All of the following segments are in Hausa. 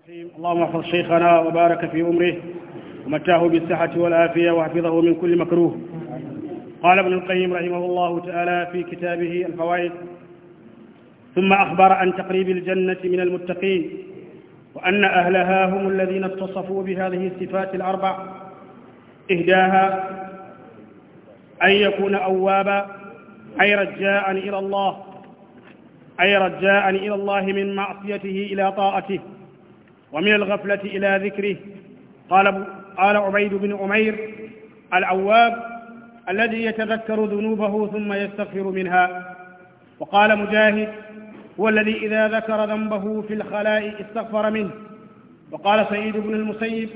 الرحيم اللهم احفظ شيخنا وبارك في عمره ومتاه بالصحة والعافية وحفظه من كل مكروه قال ابن القيم رحمه الله تعالى في كتابه الفوائد ثم أخبر عن تقريب الجنة من المتقين وأن أهلها هم الذين اتصفوا بهذه الصفات الأربع إهداها أن يكون أوابا أي رجاء إلى الله أي رجاء إلى الله من معصيته إلى طاعته ومن الغفلة إلى ذكره قال قال عبيد بن عمير العواب الذي يتذكر ذنوبه ثم يستغفر منها وقال مجاهد هو الذي إذا ذكر ذنبه في الخلاء استغفر منه وقال سعيد بن المسيب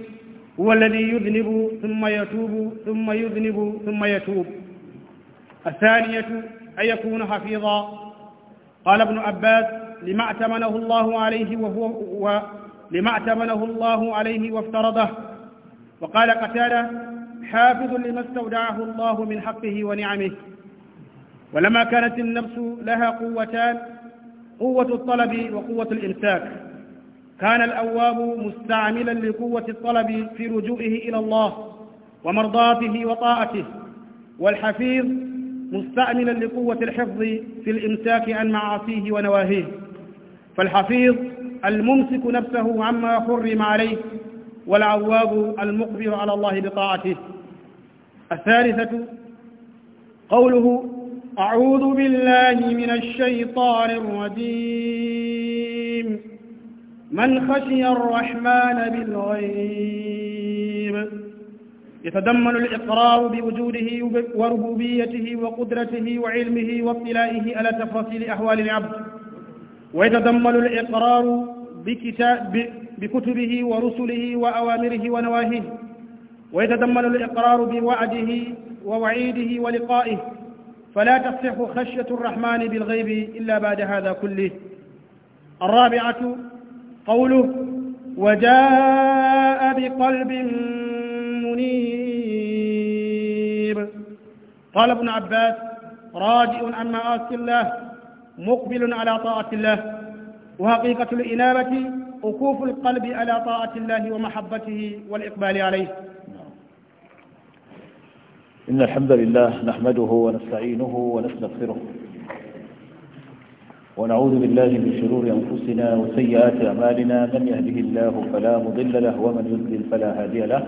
هو الذي يذنب ثم يتوب ثم يذنب ثم يتوب الثانية أن يكون حفيظا قال ابن عباس لما اعتمنه الله عليه وهو, لما اعتمله الله عليه وافترضه وقال قتاله حافظ لما استودعه الله من حقه ونعمه ولما كانت النفس لها قوتان قوة الطلب وقوة الإمساك كان الأواب مستعملا لقوة الطلب في رجوعه إلى الله ومرضاته وطاعته والحفيظ مستعملا لقوة الحفظ في الإمساك عن معاصيه ونواهيه فالحفيظ الممسك نفسه عما حرم عليه والعواب المقبل على الله بطاعته الثالثة قوله أعوذ بالله من الشيطان الرجيم من خشي الرحمن بالغيب يتدمن الإقرار بوجوده وربوبيته وقدرته وعلمه واطلائه على تفاصيل أحوال العبد ويتدمن الإقرار بكتاب بكتبه ورسله وأوامره ونواهيه ويتضمن الإقرار بوعده ووعيده ولقائه فلا تصح خشية الرحمن بالغيب إلا بعد هذا كله الرابعة قوله وجاء بقلب منيب قال ابن عباس راجع عن معاصي الله مقبل على طاعة الله وحقيقة الإنابة وقوف القلب على طاعة الله ومحبته والإقبال عليه إن الحمد لله نحمده ونستعينه ونستغفره ونعوذ بالله من شرور أنفسنا وسيئات أعمالنا من يهده الله فلا مضل له ومن يضلل فلا هادي له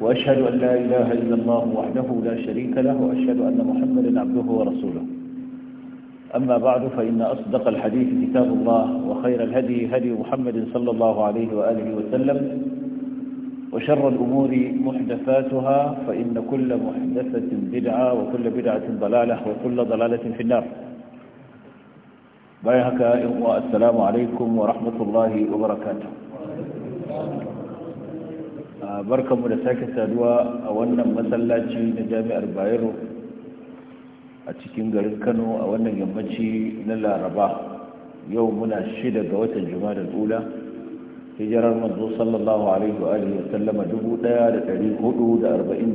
وأشهد أن لا إله إلا الله وحده لا شريك له وأشهد أن محمدا عبده ورسوله أما بعد فإن أصدق الحديث كتاب الله وخير الهدي هدي محمد صلى الله عليه وآله وسلم وشر الأمور محدثاتها فإن كل محدثة بدعة وكل بدعة ضلالة وكل ضلالة في النار بايهك السلام عليكم ورحمة الله وبركاته آه، بركة مدساكة سادوا أولا مسلاتي جامع البايرو a cikin garin kano a wannan yammaci na laraba yau muna shida ga watan juma da tsula hijirar manzo sallallahu alaihi wa alihi wasallama 1444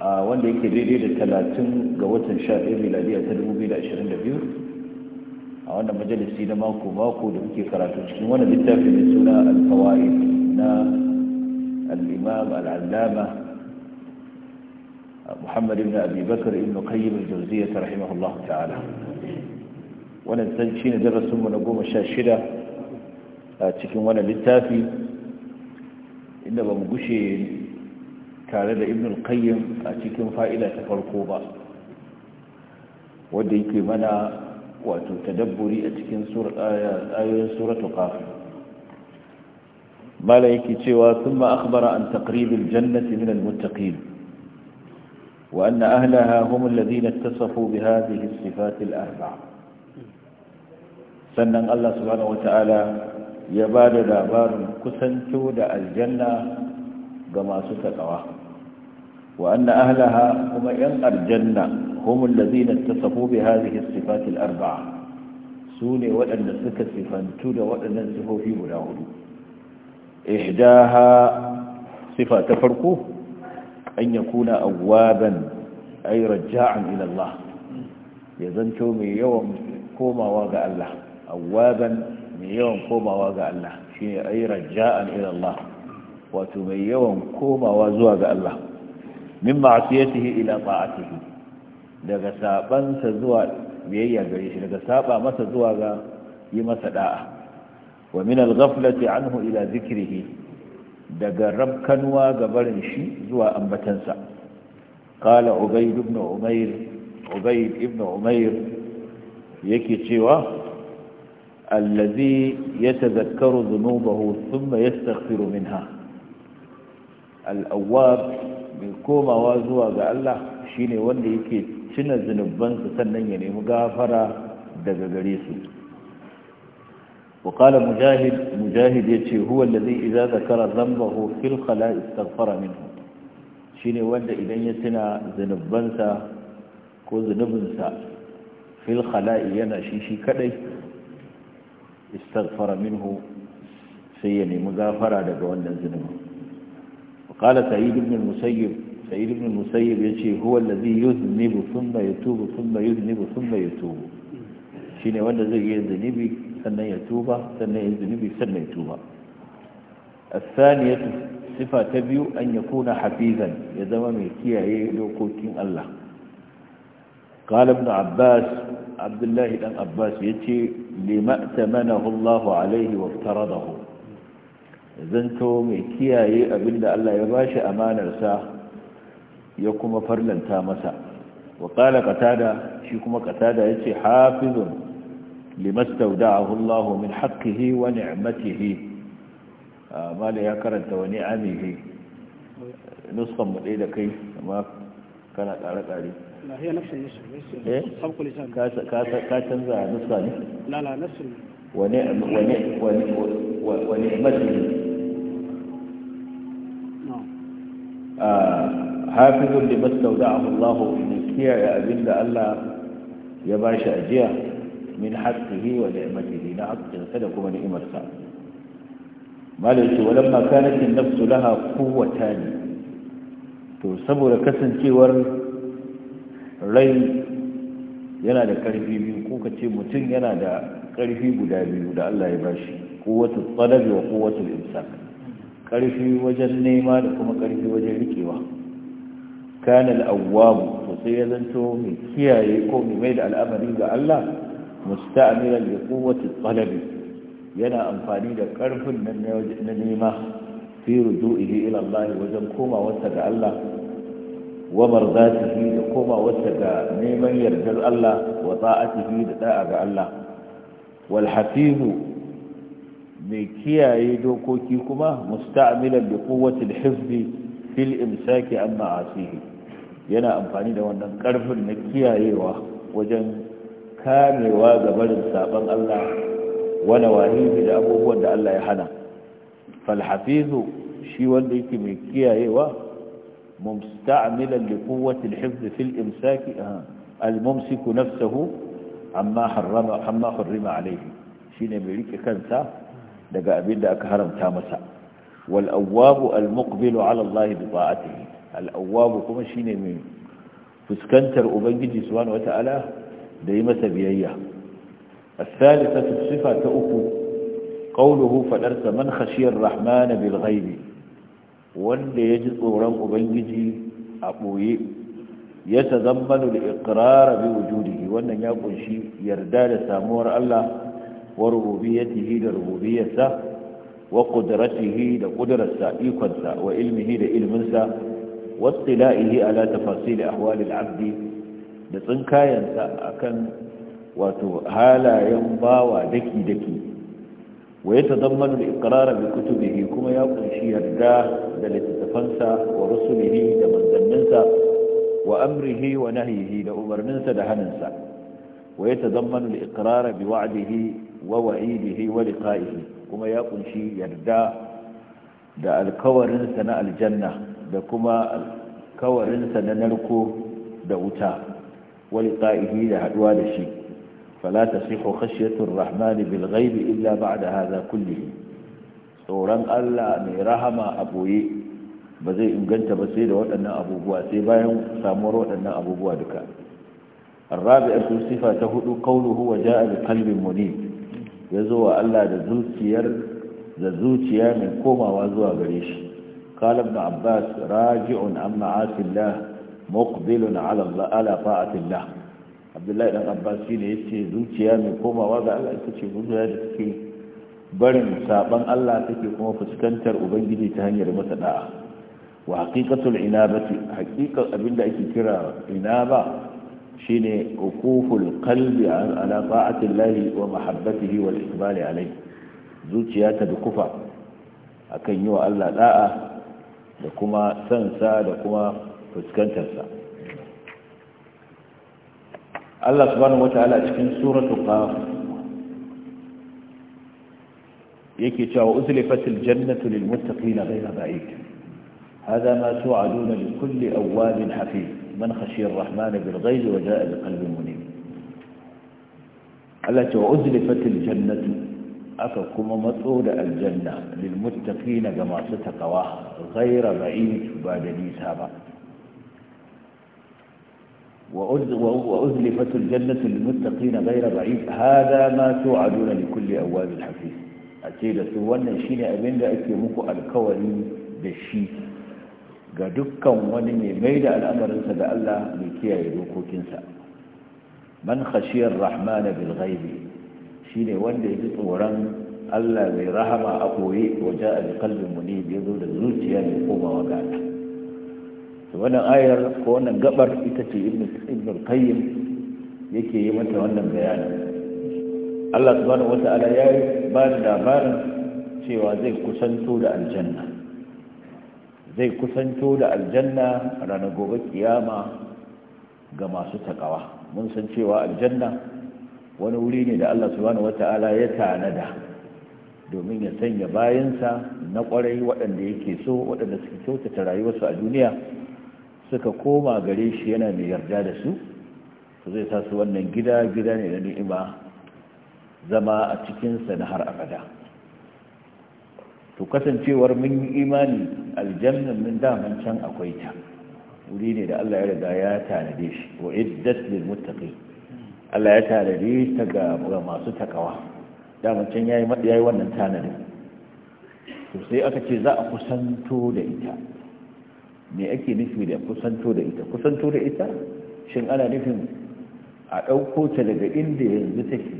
a wanda yake daidai da talatin ga watan 11 miladiya ta 2022 a wannan majalisi na mako mako da muke karatu cikin wani littafin mai suna al na al-imam al محمد بن أبي بكر ابن قيم الجوزية رحمه الله تعالى ونستنشين درس من أقوم الشاشرة تكون للتافي إن بمقشي كان ابن القيم تكون فائلة فرقوبة وديك منا تدبري تكون سورة آية آية سورة قاف ملائكي سوى ثم أخبر عن تقريب الجنة من المتقين وأن أهلها هم الذين اتصفوا بهذه الصفات الأربع سنن الله سبحانه وتعالى يباد لابار كسنتو دا الجنة كما ستقوى وأن أهلها هم ين الجنة هم الذين اتصفوا بهذه الصفات الأربع سوني وأن سك صفنتو دا وأن سفو في ملاهدو إحداها صفة تفرقوه an yakuna awwaban ay raja'an ila Allah ya zanto mai yawan komawa ga Allah awwaban mai yawan komawa ga Allah shine ay raja'an ila Allah wato mai yawan komawa zuwa ga Allah min ma'siyatihi ila ta'atihi daga sabansa zuwa biyayya gare shi daga saba masa zuwa ga yi masa da'a wa min al-ghaflati anhu ila dhikrihi daga rabkanuwa ga barin shi zuwa ambatansa qala ubayd ibn umair ubayd ibn umayr yake cewa allazi yatadhakkaru dhunubahu thumma yastaghfiru minha al-awwab mai komawa zuwa ga Allah shine wanda yake cina zunubansa sannan ya nemi gafara daga gare su وقال مجاهد مجاهد يتي هو الذي إذا ذكر ذنبه في الخلاء استغفر منه شيني وند إذن يتنا ذنبنسا كو ذنبنسا في الخلاء ينا شيشي كدي استغفر منه سيني مغافرة لقوان الذنب وقال سعيد بن المسيب سعيد بن المسيب يتي هو الذي يذنب ثم يتوب ثم يذنب ثم يتوب شيني وند زي يذنبي sannan ya tuba sannan ya zunubi sannan ya tuba a asaniyatu sifa ta biyu an ya kuna hafizan ya zama mai kiyaye dokokin Allah qalam da abbas abdullahi dan abbas ya ce lima'tamanahu allahu alaihi wa taradahu zanto mai kiyaye abinda Allah ya ba shi amanarsa ya kuma farlanta masa wa qala qatada shi kuma ya ce hafizun لما استودعه الله من حقه ونعمته آه، ما لي أكرت ونعمه نصف مليل كيف ما كانت على قريب لا هي نفس النصف إيه؟ سبق لسان كاس كاس كاسن ذا نصف لا لا نفس ونعم ونعم ونعمته نعم آه، حافظ لما استودعه الله من نسيا يا أبن الله باشا أجيه min haqqihi wa ni'matihi na haƙƙin sa da kuma ni'imar sa malai ce walamma kanat an-nafsu laha quwwatan to saboda kasancewar rai yana da karfi biyu ko ka ce mutum yana da karfi guda biyu da Allah ya bashi kowatul talabi wa kowatul imsak karfi wajen nema da kuma karfi wajen rikewa kana al-awwab to sai ya zanto mai kiyaye ko mai mai da al'amari ga Allah musta'amilan li quwwati talab yana amfani da karfin nan na nema fi rujuihi ila Allah wajen komawarsa ga Allah wa marzatihi da komawarsa ga neman yardar Allah wa ta'atihi da da'a ga Allah wal hafizu mai kiyaye dokoki kuma musta'amilan bi quwwati al-hifz fi al-imsaki an yana amfani da wannan karfin na kiyayewa wajen kamewa ga barin saban Allah wani wahihi da abubuwan da Allah ya hana falhafizu shi wanda yake mai kiyayewa musta'milan li quwwati al-hifz fi al-imsak al-mumsik amma harrama amma harrima alayhi shine mai rike kansa daga abin da aka haramta masa wal awwab al-muqbil ala Allah bi ta'atihi al-awwab kuma shine mai fuskantar ubangiji subhanahu wata'ala da yi masa biyayya الثالثة الصفة تأكو قوله فدرس من خشي الرحمن بالغيب wanda ya ji tsoron ubangiji a ɓoye yasa ta zammanu da ikirara bi wujudi wannan ya ƙunshi yarda da samuwar Allah wa rububiyatihi da rububiyarsa wa qudratihi da qudrarsa ikonsa wa ilmihi da ilminsa wa istila'ihi ala tafasil ahwali al-abdi da tsinkayensa kan wato halayen bawa daki-daki waye ta tazammanu da ikrara bi kutubihi kuma ya kunshi yarda da littattafansa wa rusulihi da manzanninsa wa amrihi wa nahihi da umarninsa da haninsa waye ta tazammanu da ikrara bi wa'dihi wa wa'idihi wa liqa'ihi kuma ya kunshi yarda da alkawarinsa na aljanna da kuma alkawarinsa na narko da wuta ولقائه لهدوان شيء فلا تصح خشية الرحمن illa ba da هذا kulle. tsoron Allah mai rahama a boye ba zai inganta ba sai da waɗannan abubuwa sai bayan samuwar waɗannan abubuwa duka arrabi a sifa ta hudu kauluhu wa a bi qalbin Ya zo wa Allah da zuciyar da zuciya mai komawa zuwa gare shi Khalid ibn abbas raji'un amma asillah muqbilun ala Allah ala Abdullahi dan Abbas shine yace zuciya mai komawa ga Allah ita ce zuciya da take barin saban Allah take kuma fuskantar ubangiji ta hanyar masa da'a wa haqiqatul inabati haqiqa abinda ake kira inaba shine uquful qalbi ala ta'atillah wa mahabbatihi wal iqbal alayhi zuciya ta dukufa akan yi wa Allah da'a da kuma sansa da kuma fuskantarsa Allah subhanahu wataala cikin suratu qaf yake cewa uzlifatil jannatu lil muttaqina ghayra ba'id hada ma tu'aduna li kulli awwabin hafiz man khashiya ar-rahman bil ghayb wa jaa bi qalbin munib Allah cewa uzlifatil jannatu aka kuma matso da aljanna lil muttaqina ga masu takawa ghayra ba'id ba da nisa ba وأذلفت الجنة للمتقين غير بعيد هذا ما توعدون لكل أواب حفيظ أتيد سوانا شين أبين لا أكيمك الكوري بالشي قدكا ونمي ميد الأمر سبع الله لكي يدوكو كنسا من خشي الرحمن بالغيب شين وانا يتصورا الله برحمة أقوي وجاء بقلب منيب يذول الزوجيا لقوم وقاله wannan ayar ko wannan gabar ita ce ibn al-qayyim yake yi mata wannan bayani Allah subhanahu wata'ala ya yi ba da labarin cewa zai kusanto da aljanna zai kusanto da aljanna ranar gobe kiyama ga masu takawa mun san cewa aljanna wani wuri ne da Allah subhanahu wata'ala ya tanada domin ya sanya bayansa na kwarai waɗanda yake so waɗanda suke kyautata rayuwarsu a duniya suka koma gare shi yana mai yarda da su su zai sa su wannan gida gida ne na ni'ima zama a cikinsa na har abada to kasancewar mun yi imani aljannan min daman can akwai ta wuri ne da Allah ya riga ya tanade shi wa iddat lil muttaqin Allah ya tanade ta ga masu takawa daman can yayi yayi wannan tanade to sai aka ce za a kusanto da ita me ake nufi da kusanto da ita kusanto da ita shin ana nufin a ɗauko ta daga inda yanzu take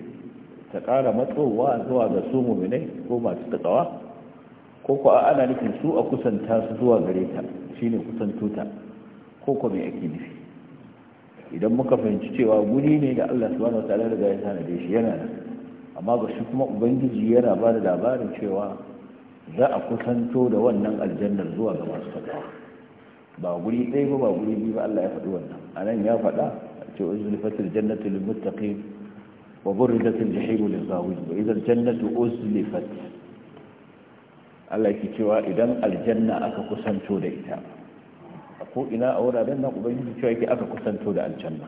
ta ƙara matsowa zuwa ga su muminai ko masu taƙawa ko ko ana nufin su a kusanta su zuwa gare ta shine kusanto ta ko ko me ake nufi idan muka fahimci cewa guri ne da Allah subhanahu wataala ya riga ya da shi yana nan amma ba shi kuma ubangiji yana ba da labarin cewa za a kusanto da wannan aljannar zuwa ga masu taƙawa ba guri ɗaya ba ba guri biyu ba Allah ya faɗi wannan a nan ya faɗa a ce wa zulfatul jannatu lil muttaqin wa burridatul jahimu lil ghawin wa idhal jannatu uzlifat Allah yake cewa idan aljanna aka kusanto da ita a ko ina a wuraren nan ubangiji cewa yake aka kusanto da aljanna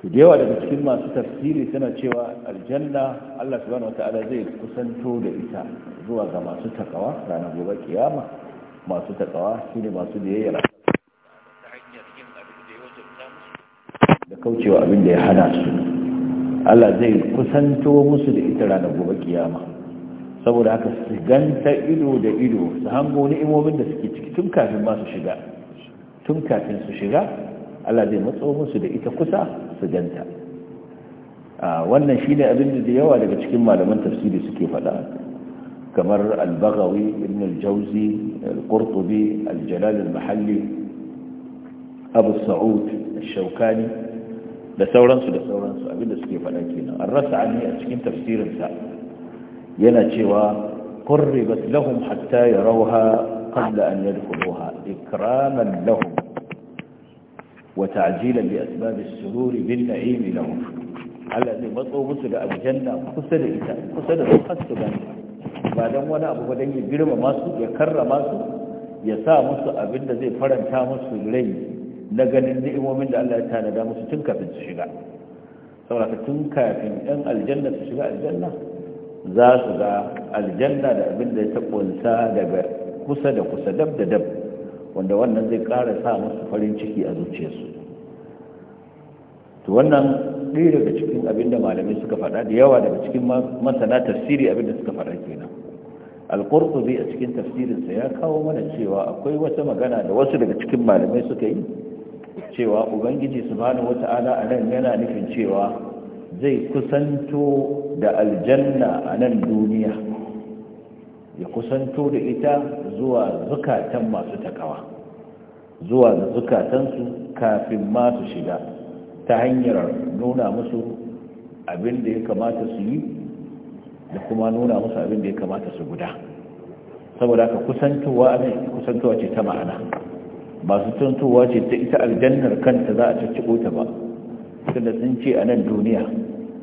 to da yawa daga cikin masu tafsiri suna cewa aljanna Allah subhanahu wataala zai kusanto da ita zuwa ga masu takawa ranar gobe kiyama masu takawa su ne masu da yayyara da kaucewa abin da ya hana su Allah zai kusanto musu da ita ranar gobe kiyama saboda haka su ganta ido da ido su hango ni'imomin da suke ciki tun kafin ma su shiga tun kafin su shiga Allah zai matso musu da ita kusa su ganta wannan shi ne abin da yawa daga cikin malaman tafsiri suke faɗa kamar albagawi ibn al-jauzi al-qurtubi al-jalal mahalli abu sa'ud al-shaukani da sauransu da sauransu abinda suke faɗa kenan an rasa an a cikin tafsirinsa yana cewa قربت لهم حتى يروها قبل أن يدخلوها إكراما لهم وتعجيلا لأسباب السرور بالنعيم لهم على أن يبطوا مثل الجنة قسد إذا قسد قسد ba don wani abu don ya girmama su ya karrama su ya sa musu abin da zai faranta musu rai na ganin ni'imomin da Allah ya tanada musu tun kafin su shiga saboda tun kafin 'yan aljanna su shiga aljanna za su ga aljanna da abin da ya kunsa daga kusa da kusa dab da dab wanda wannan zai ƙara sa musu farin ciki a zuciyarsu to wannan ɗaya daga cikin abin da malamai suka faɗa da yawa daga cikin masana tasiri abin da suka faɗa kenan al a cikin tafsirinsa ya kawo mana cewa akwai wata magana da wasu daga cikin malamai suka yi cewa ubangiji subhanahu wata'ala a nan yana nufin cewa zai kusanto da aljanna a nan duniya ya kusanto da ita zuwa zukatan masu takawa zuwa zukatansu kafin ma su shiga ta hanyar nuna musu abin da ya kamata su yi da kuma nuna musu abin da ya kamata su guda saboda haka kusantowa ne kusantowa ce ta ma'ana ba su tuntowa ce ta ita aljannar kanta za a cicciko ta ba tunda sun ce a nan duniya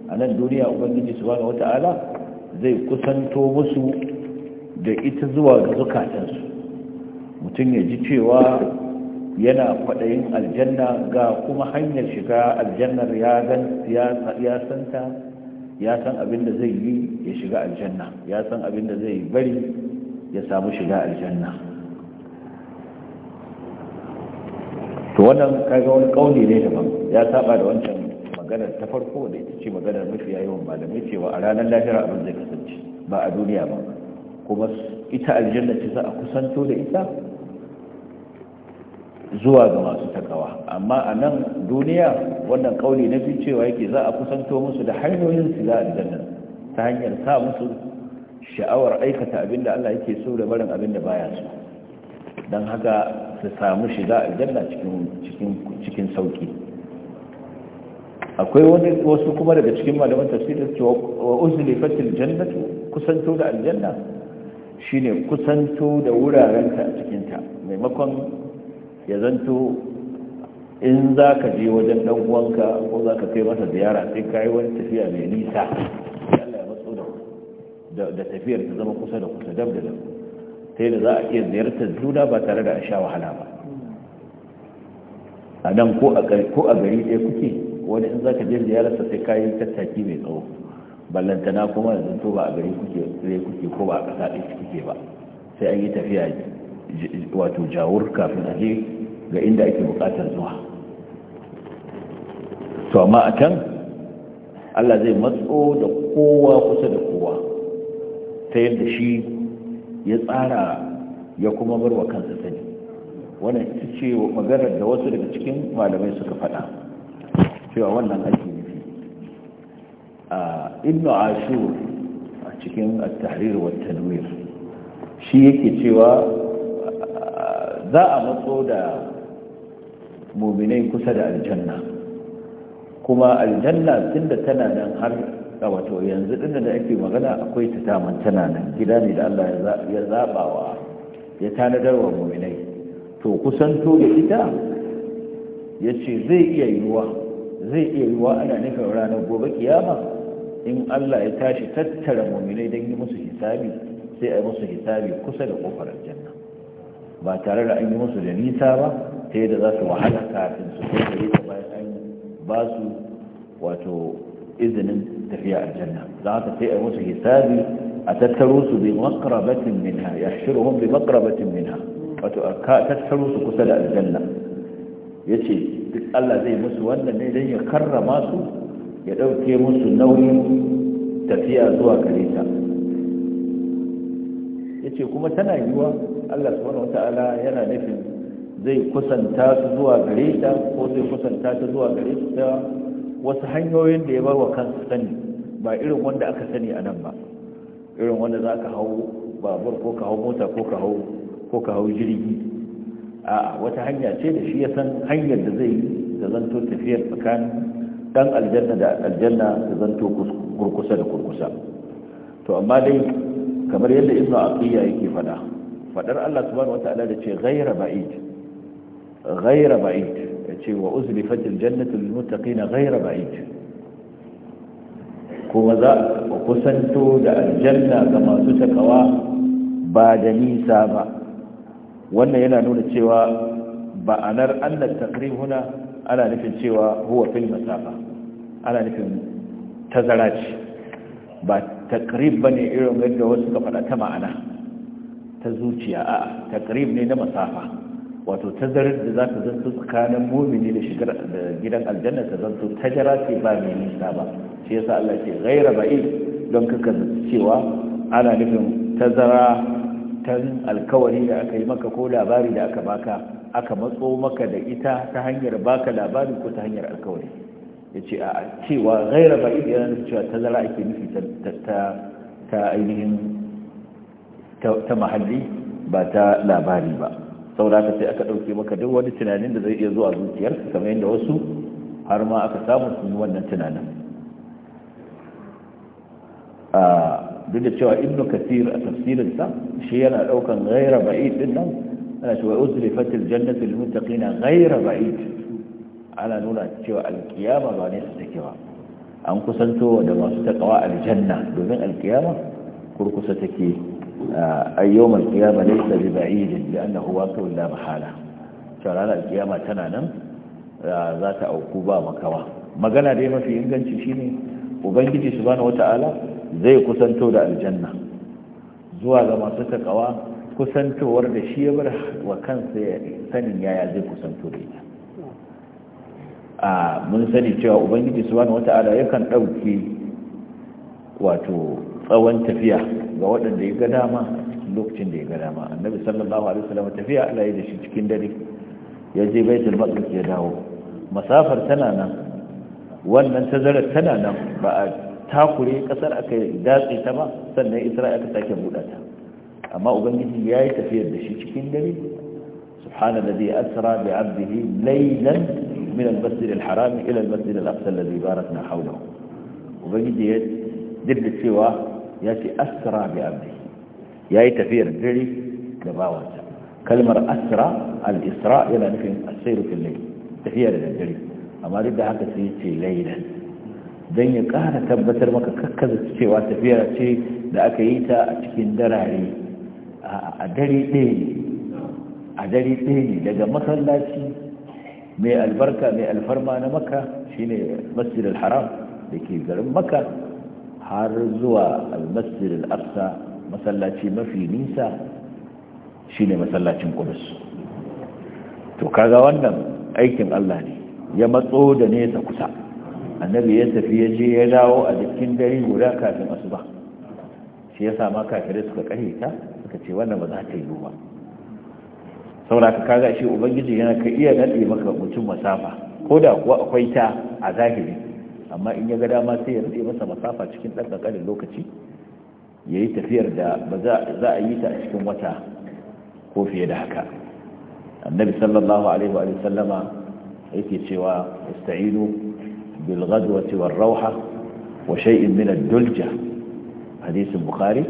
a nan duniya ubangiji subhanahu wata'ala zai kusanto musu da ita zuwa ga zukatansu mutum ya ji cewa yana kwaɗayin aljanna ga kuma hanyar shiga aljannar ya santa ya san abin da zai yi ya shiga aljanna ya san abin da zai bari ya samu shiga aljanna to wannan kaga wani kauli ne daban ya saba da wancan maganar ta farko da ita ce maganar mafi yawan malamai cewa a ranar lahira abin zai kasance ba a duniya ba kuma ita aljanna ce za a kusanto da ita zuwa ga masu takawa amma a nan duniya wannan kauli na fice wa yake za a kusanto musu da hanyoyin su za a janna ta hanyar sa musu sha'awar aikata abinda Allah yake so da barin abinda baya so dan haka su samu shiga aljanna cikin cikin cikin sauki akwai wani wasu kuma daga cikin malaman tafsirin cewa wa fatil jannatu kusanto da aljanna shine kusanto da wuraren ta cikin ta maimakon ya zanto in za ka je wajen dan uwanka ko za ka kai masa ziyara sai ka yi wani tafiya mai nisa Allah ya matso da da tafiyar ta zama kusa da kusa dab da dab sai da za a iya ziyartar juna ba tare da a sha wahala ba a nan ko a gari ɗaya kuke wani in za ka je ziyararsa sai ka yi tattaki mai tsawo ballantana kuma da zanto ba a gari kuke ko ba a ƙasa ɗaya kuke ba sai an yi tafiya wato jawur kafin a je ga inda ake bukatar zuwa to amma a can Allah zai matso da kowa kusa da kowa ta yadda shi ya tsara ya kuma barwa kansa sani wannan ita ce maganar da wasu daga cikin malamai suka faɗa cewa wannan ake nufi a ibnu ashur a cikin at-tahrir wa tanwir shi yake cewa za a matso da muminai kusa da aljanna kuma aljanna tunda tana nan har a wato yanzu ɗin da ake magana akwai ta taman tana nan gida ne da Allah ya zaɓawa ya tanadarwa wa muminai to kusanto da ita ya ce zai iya yiwuwa zai iya yiwuwa ana nufin ranar gobe kiyama in Allah ya tashi tattara muminai don yi musu hisabi sai a yi musu hisabi kusa da kofar aljanna ba tare da an yi musu da nisa ba ta yadda za su wahala kafin su kai gare ta bayan an ba su wato izinin tafiya aljanna za ka sai a musu hisabi a tattaro su bi makrabatin minha yashiruhum bi makrabatin minha wato a tattaro su kusa da aljanna ce duk Allah zai musu wannan ne dan ya karrama su ya ɗauke musu nauyin tafiya zuwa gare ta yace kuma tana yiwuwa Allah subhanahu yana nufin zai kusanta su zuwa gare ta ko zai kusanta ta zuwa gare su ta wasu hanyoyin da ya bar wa kansa sani ba irin wanda aka sani a nan ba irin wanda za ka hau babur ko ka hau mota ko ka hau jirgi a wata hanya ce da shi ya san hanyar da zai da zanto tafiyar tsakanin dan aljanna da aljanna da zanto kurkusa da kurkusa to amma dai kamar yadda ibnu aqiya yake faɗa, fadar Allah subhanahu wataala da ce ghaira ba'id ghaira ba'id yace wa uzlifatil jannatu lil muttaqina ghaira ba'id kuma za a kusanto da aljanna ga masu takawa ba da nisa ba wannan yana nuna cewa ba'anar annat taqrib huna ana nufin cewa huwa fil masafa ana nufin tazara ce ba taqrib bane irin yadda wasu ka faɗa ta ma'ana ta zuciya a'a taqrib ne na masafa wato tazarar da za ta zanto tsakanin mumini da shigar da gidan aljanna ta zanto tajara ce ba mai nisa ba shi yasa Allah ce ghaira ba'i don kaka cewa ana nufin tazara ta alkawari da aka yi maka ko labari da aka baka aka matso maka da ita ta hanyar baka labari ko ta hanyar alkawari ya ce a cewa ghaira ba'i yana nufin cewa tazara ake nufi ta ainihin ta mahalli ba ta labari ba saboda sai aka ɗauke maka duk wani tunanin da zai iya zuwa zuciyarka kamar yadda wasu har ma aka samu sun yi wannan tunanin duk da cewa ibn kathir a tafsirinsa shi yana ɗaukan gaira ba'id din nan ana cewa uzlifatil jannatu lil muttaqina gaira ba'id ana nuna cewa alkiyama ba ne su take ba an kusanto da masu takawa aljanna domin alkiyama kurkusa take yawon kiyama ne da biba'idin da annahu waqa'u da mahala ranar kiyama tana nan za ta auku ba makawa magana dai mafi inganci shine ubangiji su bane wata'ala zai kusanto da aljanna zuwa ga masu takawa kusantowar da shi ya bar wa kansa sanin yaya zai kusanto da ita a mun sani cewa ubangiji su bane wata'ala yakan ɗauki wato tsawon tafiya ga waɗanda ya ga dama lokacin da ya ga dama annabi sallallahu alaihi wasallam tafiya Allah ya da shi cikin dare ya je baitul maqdis ya dawo masafar tana nan wannan tazarar tana nan ba a takure kasar aka datse ta ba sannan Isra'ila ta sake buɗa ta amma ubangiji ya yi tafiyar da shi cikin dare subhanallazi asra bi 'abdihi laylan min al-masjid al-haram ila al-masjid al-aqsa alladhi barakna hawlahu ubangiji ya dirda cewa ya ce asra bi abdi ya yi tafiyar dare da bawansa kalmar asra al-isra yana nufin asiru fil layl tafiya da dare amma duk da haka sai ce laylan dan ya kara tabbatar maka kakkaza cewa tafiya ce da aka yi ta a cikin darare a dare ɗaya ne a dare ɗaya ne daga masallaci mai albarka mai alfarma na maka shine masjid al-haram da ke garin maka har zuwa almasjid al masallaci mafi nisa shine masallacin Qudus to kaga wannan aikin Allah ne ya matso da nesa kusa annabi ya tafi ya je ya dawo a jikin dare guda kafin asuba shi ya sama kafirai suka kare ta suka ce wannan ba za ta yi ba saboda ka kaga shi ubangiji yana ka iya nade maka mutum masafa ko da kuwa akwai ta a zahiri amma in ya ga dama sai ya masa masafa cikin ɗan ƙanƙanin lokaci ya yi tafiyar da ba za a yi ta a cikin wata ko fiye da haka annabi sallallahu alaihi wa sallama yake cewa ista'inu bil ghadwati rauha wa shay'in min ad-dulja hadisin bukhari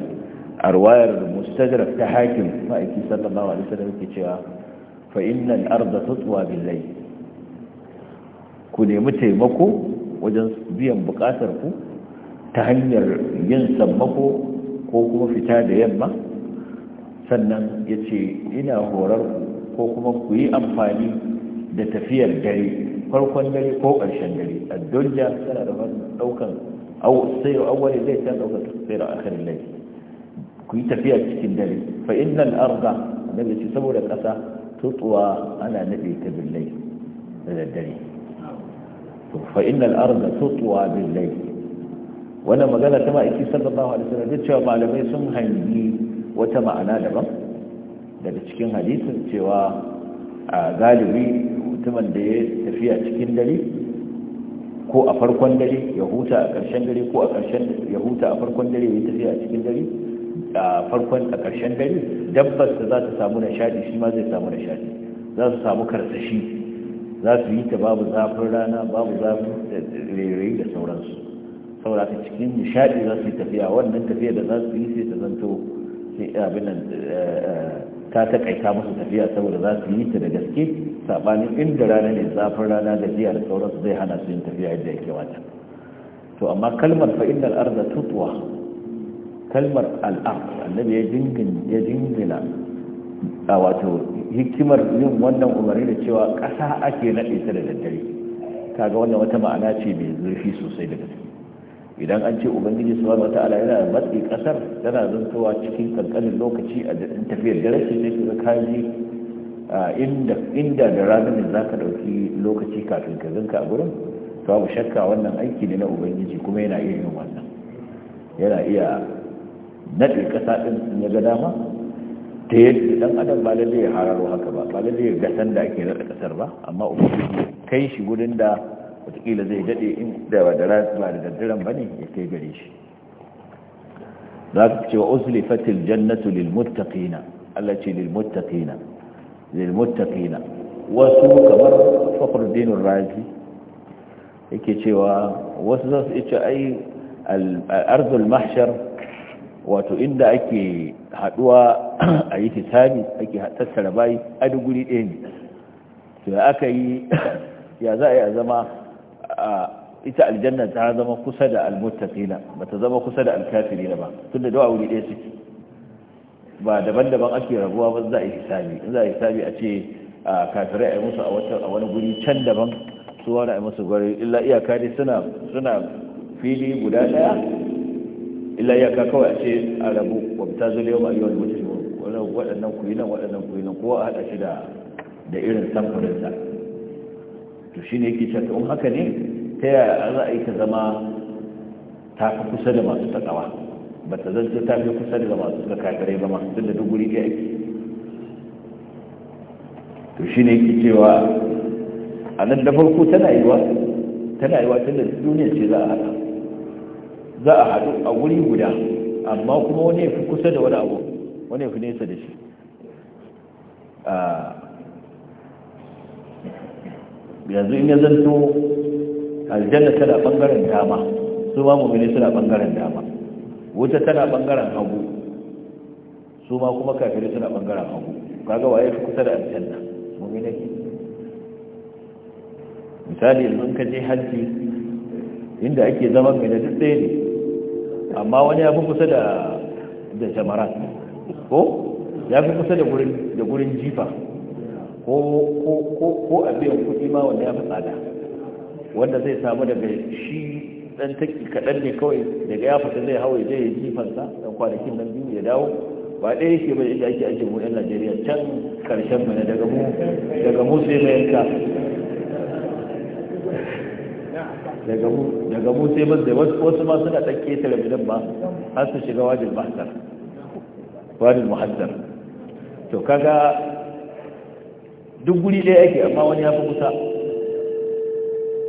a riwayar mustadrak ta hakim ma'aiki sallallahu alaihi sallam yake cewa fa innal arda tutwa bil layl ku nemi taimako wajen biyan bukatar ku ta hanyar yin sammako ko kuma fita da yamma sannan ya ce ina horar ko kuma ku yi amfani da tafiyar dare farkon dare ko ƙarshen dare a dojja tana da ɗaukan da awwali zai ta ɗaukan da akhirin lai ku yi tafiya cikin dare fa innal arda annabi ce saboda ƙasa tutuwa ana naɗe ta billai da daddare fa innal arda tutwa bil layl wannan magana ta ma'aiki sallallahu alaihi wasallam duk cewa malamai sun hangi wata ma'ana daban daga cikin hadisin cewa a galibi mutumin da ya tafi a cikin dare ko a farkon dare ya huta a ƙarshen dare ko a ƙarshen ya huta a farkon dare ya tafi a cikin dare a farkon a ƙarshen dare dabbar da za ta samu nishadi shi ma zai samu nishadi za su samu karsashi za su yi ta babu zafin rana babu zafin rairayi da sauransu saboda ta cikin nishadi za su yi tafiya wannan tafiya da za su yi sai ta zanto sai abin eh, ta takaita musu tafiya saboda za su yi ta da gaske sabanin inda rana ne zafin rana da jiya da sauransu zai hana su yin tafiya yadda ya kamata to amma kalmar fa inna al kalmar al annabi ya jingina ya a wato hikimar yin wannan umarni da cewa ƙasa ake naɗe ta da daddare kaga wannan wata ma'ana ce mai zurfi sosai da gaske idan an ce ubangiji su wata ala yana matsi ƙasar tana zantowa cikin kankanin lokaci a daɗin tafiyar da rashin ne su ji inda da ranar da za ka ɗauki lokaci kafin ka zinka a gurin to abu shakka wannan aiki ne na ubangiji kuma yana iya yin wannan yana iya naɗe ƙasa ɗin ya ga dama ta yadda dan adam ba lalle ya hararo haka ba ba lalle ya gasan da ake rada kasar ba amma ubangiji kai shi gudun da watakila zai dade in da ba da ba da daddaren ba ne ya kai gare shi za ka ce wa uslifatil jannatu lil muttaqina Allah ce lil muttaqina lil muttaqina wasu kamar fakhruddin razi yake cewa wasu za su ce ai al ardul mahshar wato inda ake haduwa a yi hisabi ake tattara bayi a duk ɗaya ne to ya aka yi ya za a yi a zama ita aljanna ta zama kusa da almuttaqina ba ta zama kusa da alkafiri ba tun da wuri ɗaya suke ba daban-daban ake rabuwa ba za a yi hisabi za a yi hisabi a ce kafirai a yi musu a wani guri can daban su wani a yi musu gwari illa iyaka dai suna suna fili guda ɗaya illa ya ka kawai a ce a rabu wa ta zo yau a yi wani mutum waɗannan kuyi nan waɗannan kuyi nan kowa a haɗa shi da irin samfurinsa to shi ne yake cewa in haka ne ta yaya a yi ta zama ta fi kusa da masu takawa ba ta zance ta fi kusa da masu da kafirai ba masu tun da duk wuri ɗaya ake to shi ne yake cewa a nan da farko tana yiwa tana yiwa tun da duniya ce za a haɗa za a haɗu a wuri guda amma kuma wani ya fi kusa da wani abu wani ya fi nesa da shi yanzu in ya zanto aljanna tana bangaren dama su ma mummuni suna bangaren dama wuta tana bangaren hagu su ma kuma kafiri suna bangaren hagu kaga waye fi kusa da aljanna mummuni ke misali in ka je hajji inda ake zaman mai na duk ɗaya ne amma wani ya fi kusa da da jamara ko ya fi kusa da gurin da gurin jifa ko ko ko ko a kuɗi ma wanda ya fi tsada wanda zai samu daga shi dan taki kaɗan ne kawai daga ya fita zai hawa je jifan sa dan kwanakin nan biyu ya dawo ba ɗaya yake bai inda ake ake mu yan najeriya can karshen mu daga mu daga mu sai mai yanka daga mu sai bas da wasu ma suna ɗan ƙetare bidan ba har su shiga wajen mahaddar wajen mahaddar to kaga duk guri ɗaya yake amma wani ya fi kusa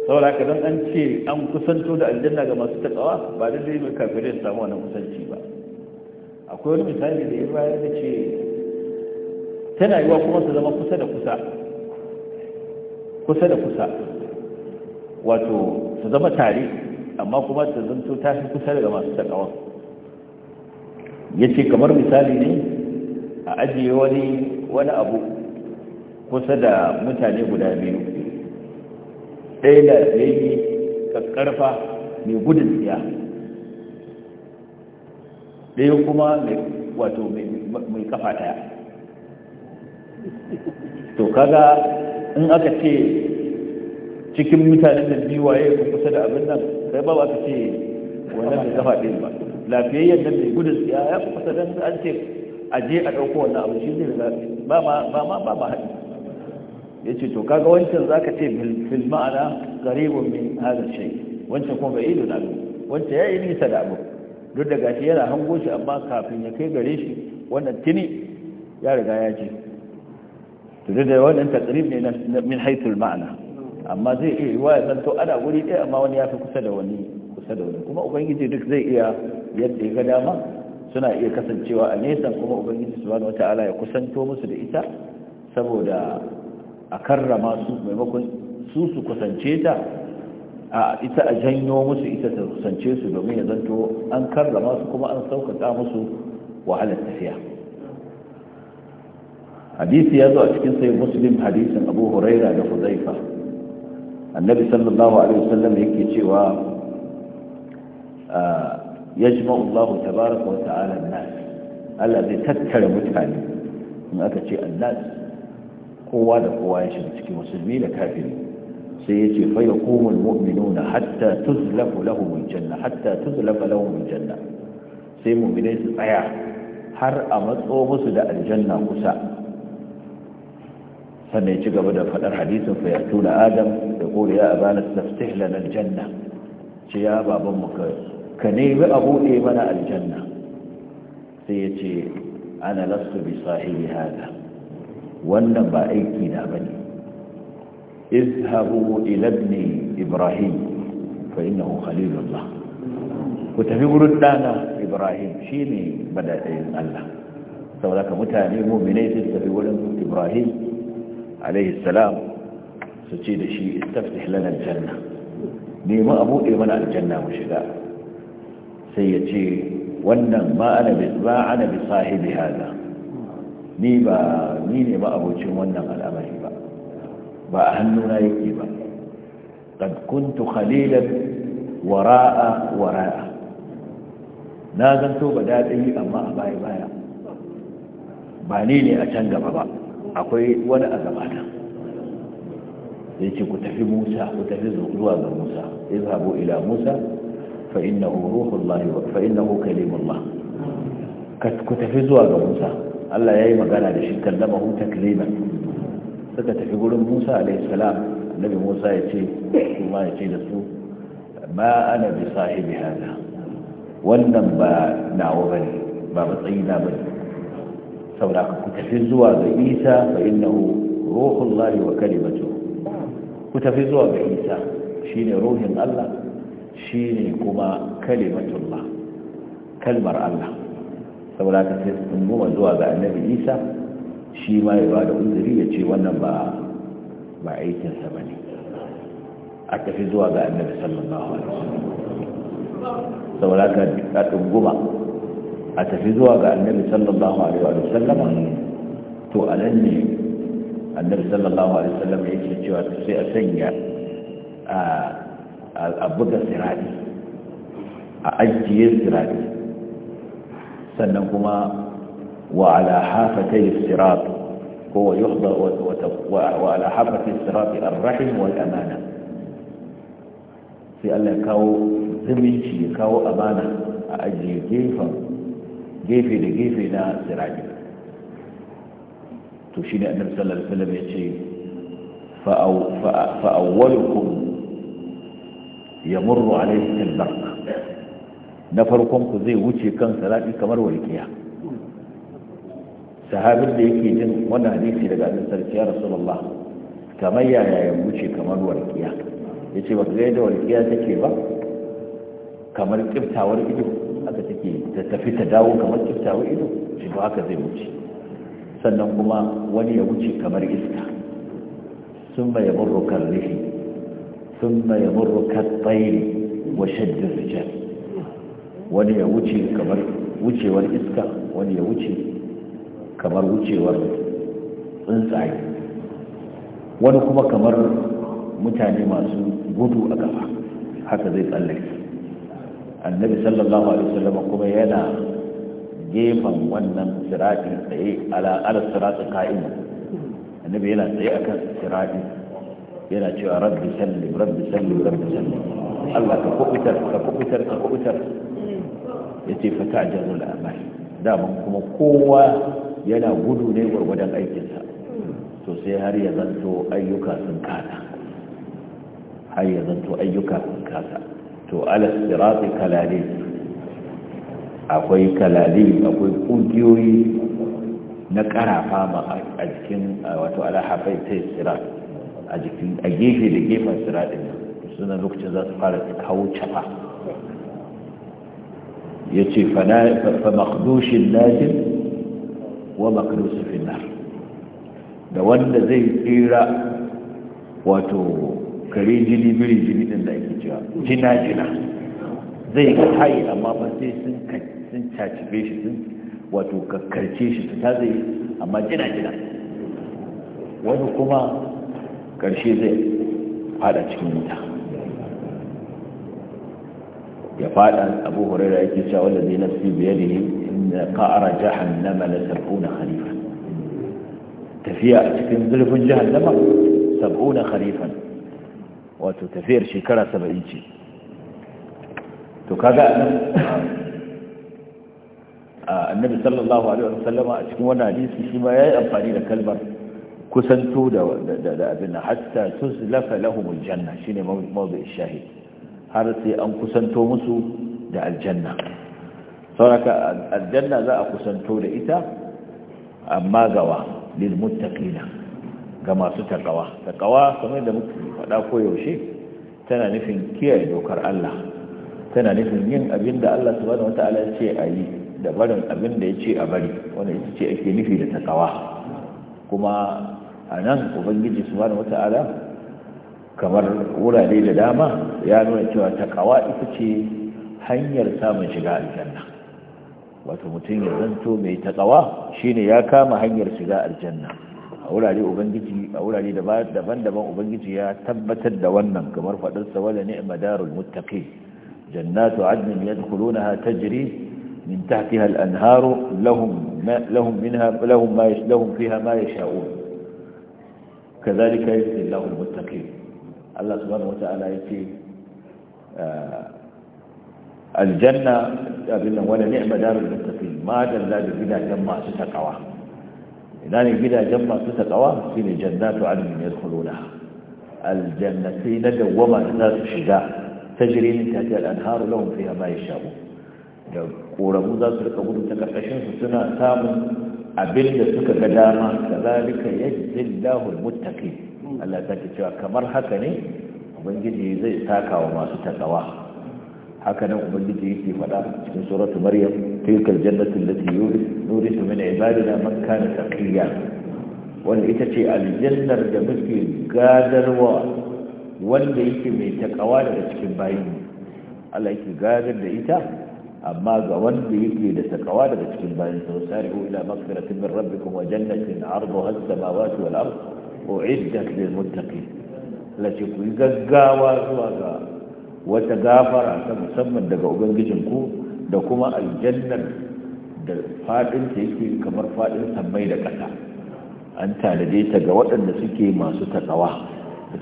saboda haka don an ce an kusanto da aljanna ga masu takawa ba da zai mai kafirai su samu wannan kusanci ba akwai wani misali da ya bayar da ce tana yiwa kuma su zama kusa da kusa kusa da kusa wato su zama tare amma kuma ta zanto ta fi kusa daga masu takawa ya ce kamar misali ne a ajiye wani wani abu kusa da mutane guda biyu ɗaya da yayi ƙarfa mai gudun tsiya ɗaya kuma wato mai kafa ɗaya to kaga in aka ce cikin mutanen da biyu waye ku kusa da abin nan kai ba ba ka ce wannan da kafa ɗin ba lafiyayyen nan mai gudun ya ya kusa da an ce a je a ɗauko wannan abu shi zai da ba ma ba ma ba ma haɗi ya ce to kaga wancan za ka ce fil ma'ana garibun min hadar shai wancan kuma bai ilu na wancan ya yi nisa da abu duk da gashi yana hango shi amma kafin ya kai gare shi wannan tini ya riga ya ce to duk da wannan takrib ne min haithul ma'ana amma zai iya ruwa ya zanto ana wuri ɗaya amma wani ya fi kusa da wani kusa da wani kuma ubangiji duk zai iya yadda ya ga dama suna iya kasancewa a nesa kuma ubangiji wata ala ya kusanto musu da ita saboda a karrama su maimakon su su kusance ta a ita a janyo musu ita ta kusance su domin ya zanto an karrama su kuma an sauƙaƙa musu wahalar tafiya hadisi ya zo a cikin sai muslim hadisin abu huraira da huzaifa annabi sallallahu alaihi wasallam yake cewa ah, yajma'u Allah tabaraka wa ta'ala nas Allah zai tattara mutane in aka ce an kowa da kowa ya shiga cikin musulmi da kafiri sai ya yace fa yaqumu al-mu'minuna hatta tuzlafu lahum mun janna hatta tuzlafa lahum mun janna sai mu'minai su tsaya har a matso musu da aljanna kusa sannan ci gaba da faɗar hadisin fayatu ya adam da kore ya abana taftih lana aljanna ce ya baban ka nemi a buɗe mana aljanna sai ya ce ana lasu bi sahibi hada wannan ba aiki na bane izhabu ila ibrahim fa innahu khalilullah ku tafi wurin dana ibrahim shine madadayin Allah saboda ka mutane mu'minai sai tafi wurin ibrahim alaihi salam su ce da shi istaftih lana aljanna nemi a buɗe mana aljanna mu shiga sai ya ce wannan ma ana bi ba ana bi sahibi hada ni ba ni ne ba abocin wannan al'amari ba ba a hannuna yake ba qad kuntu khalilan wara'a wara'a na zanto ba daɗi amma a baya baya ba ni ne a can gaba ba akwai wani a gabata ya ce ku tafi musa ku tafi zuwa ga musa izhabu ila musa fa innahu ruhullahi wa fa kalimullah ku tafi zuwa ga musa Allah ya yi magana da shi kallama kallamahu takliman suka tafi gurin musa alaihi salam annabi musa ya ce kuma ya ce da su ma ana bi sahibi hada wannan ba nawa bane ba matsayi na bane saboda ku tafi zuwa ga isa fa innahu ruhullahi wa kalimatu ku tafi zuwa ga isa shine ruhin Allah shine kuma kalimatullah kalmar Allah saboda ka sai sun goma zuwa ga annabi isa shi ma ya ba da uzuri ya ce wannan ba ba aikinsa ba ne a tafi zuwa ga annabi sallallahu alaihi wasallam saboda ka a ɗunguma a tafi zuwa ga annabi sallallahu alaihi wa sallam to anan ne annabi sallallahu alaihi wa sallam yake cewa sai a sanya a buga sirari a ajiye sirari sannan kuma wa ala hafatai sirat ko wa yuhda wa ala hafatai sirat ar-rahim wal amana sai Allah ya kawo zumunci ya kawo amana a ajiye gefen gefe da gefe na siraji to shi ne annabi sallallahu alaihi wasallam ya ce fa'awwalukum yamurru alaihi albarq na farkon ku zai wuce kan salati kamar walkiya sahabin da yake jin wannan hadisi daga annabi sarki ya rasulullah kamar yaya ya wuce kamar walkiya yace ba ga yadda walkiya take ba kamar kiftawar ido haka take ta tafi ta dawo kamar kiftawa ido shi ba haka zai wuce sannan kuma wani ya wuce kamar iska sun mai yamurru kan rihi sun mai yamurru kan tsayi wa shaddin rijal wani ya wuce kamar wucewar iska wani ya wuce kamar wucewar tsuntsaye wani kuma kamar mutane masu gudu a gaba haka zai tsallake annabi sallallahu alaihi wasallam kuma yana gefen wannan siratin tsaye ala ala siratin ka'ima annabi yana tsaye akan siratin yana cewa rabbi sallim rabbi sallim rabbi sallim Allah ka kubutar ka kubutar ka kubutar yace fa ta'jazul amal daman kuma kowa yana gudu ne gwargwadon aikinsa to sai har ya zanto ayyuka sun kasa har ya zanto ayyuka sun kasa to ala kalali akwai kalali akwai kungiyoyi na karafa ma a jikin wato ala hafai sirat a jikin a gefe da gefen sirat suna lokacin za su fara kawo caba ya ce fa makdushin najin wa makdusu da wanda zai tsira wato kare jini biri jini din da ake cewa jina jina zai kai amma ba sai sun sun cacibe shi sun wato kakkarce shi ta zai amma jina jina wani kuma karshe zai fada cikin wuta ya fada abu huraira yake cewa wanda zai nafsi biyadihi inna qa'ara jahannama la sab'una khalifa tafiya a cikin zulfin jahannama sab'una khalifan wato tafiyar shekara saba'in ce to kaga annabi sallallahu alaihi wasallama a cikin wannan hadisi shi ma yayi amfani da kalmar kusanto da da abin hatta tuzlafa lahum aljanna shine mawdu shahid har sai an kusanto musu da aljanna sauraka aljanna za a kusanto da ita amma gawa lil muttaqina ga masu takawa takawa kamar da muke faɗa ko yaushe tana nufin kiyaye dokar Allah tana nufin yin abin da Allah subhanahu wata'ala ya ce a yi da barin abin da ya ce a bari wanda ita ce ake nufi da takawa kuma a nan ubangiji subhanahu wata'ala kamar wurare da dama ya nuna cewa takawa ita ce hanyar samun shiga aljanna wato mutum ya zanto mai taƙawa shine ya kama hanyar shiga aljanna a wurare ubangiji a wurare daban-daban ubangiji ya tabbatar da wannan kamar fadar sa wala ni'ma darul muttaqi jannatu adnin yadkhulunaha tajri min tahtiha al-anharu lahum lahum minha lahum ma lahum fiha ma yasha'un kadhalika yajzi Allahu al-muttaqin Allah subhanahu wa ta'ala yace aljanna abin wala ni'ma darul muttaqin ma dalla da gidajen masu takawa ina ne gidajen masu takawa shi ne jannatu adnin yadkhuluna aljannatai na dawwama da su shiga tajri min tahtiha al-anharu lahum fiha ma yasha'u da koramu za su rika gudu ta karkashin su suna samun abin da suka ga dama kazalika yajzillahu al-muttaqin Allah ta ce cewa kamar haka ne ubangiji zai saka wa masu takawa haka nan ubangiji yake faɗa cikin suratu maryam tilka aljannatu allati nurisu min ibadina man kana taqiya wanda ita ce aljannar da muke gadarwa wanda yake mai takawa daga cikin bayin Allah yake gadar da ita amma ga wanda yake da takawa daga cikin bayin sa sari'u ila maghfiratin min rabbikum wa jannatin 'arduha as-samawati wal ard u'iddat lil muttaqin lati ku gaggawa zuwa ga wata gafara ta musamman daga ubangijin ku da kuma aljannar da fadin ta yake kamar fadin sammai da ƙasa an tanade ta ga waɗanda suke masu takawa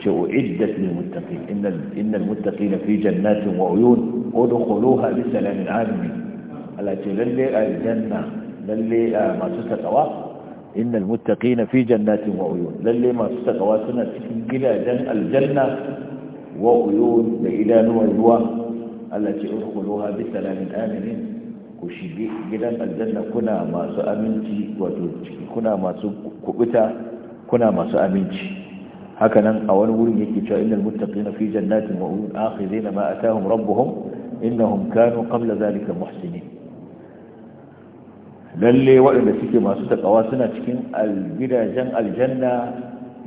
ce uiddat lil muttaqin innal innal muttaqina fi jannatin wa uyun udkhuluha bi salamin amin Allah ce lalle aljanna lalle ah, masu takawa innal muttaqina fi jannatin wa uyun lalle masu takawa suna cikin gidajen aljanna wa uyun da idanuwan ruwa Allah ce udkhuluha bi salamin aminin ku shige gidan aljanna kuna masu aminci wato kuna masu kubuta kuna masu aminci haka nan a wani wurin yake cewa innal muttaqina fi jannatin wa uyun akhizina ma atahum rabbuhum innahum kanu qabla zalika muhsinin lalle waɗanda suke masu takawa suna cikin gidajen aljanna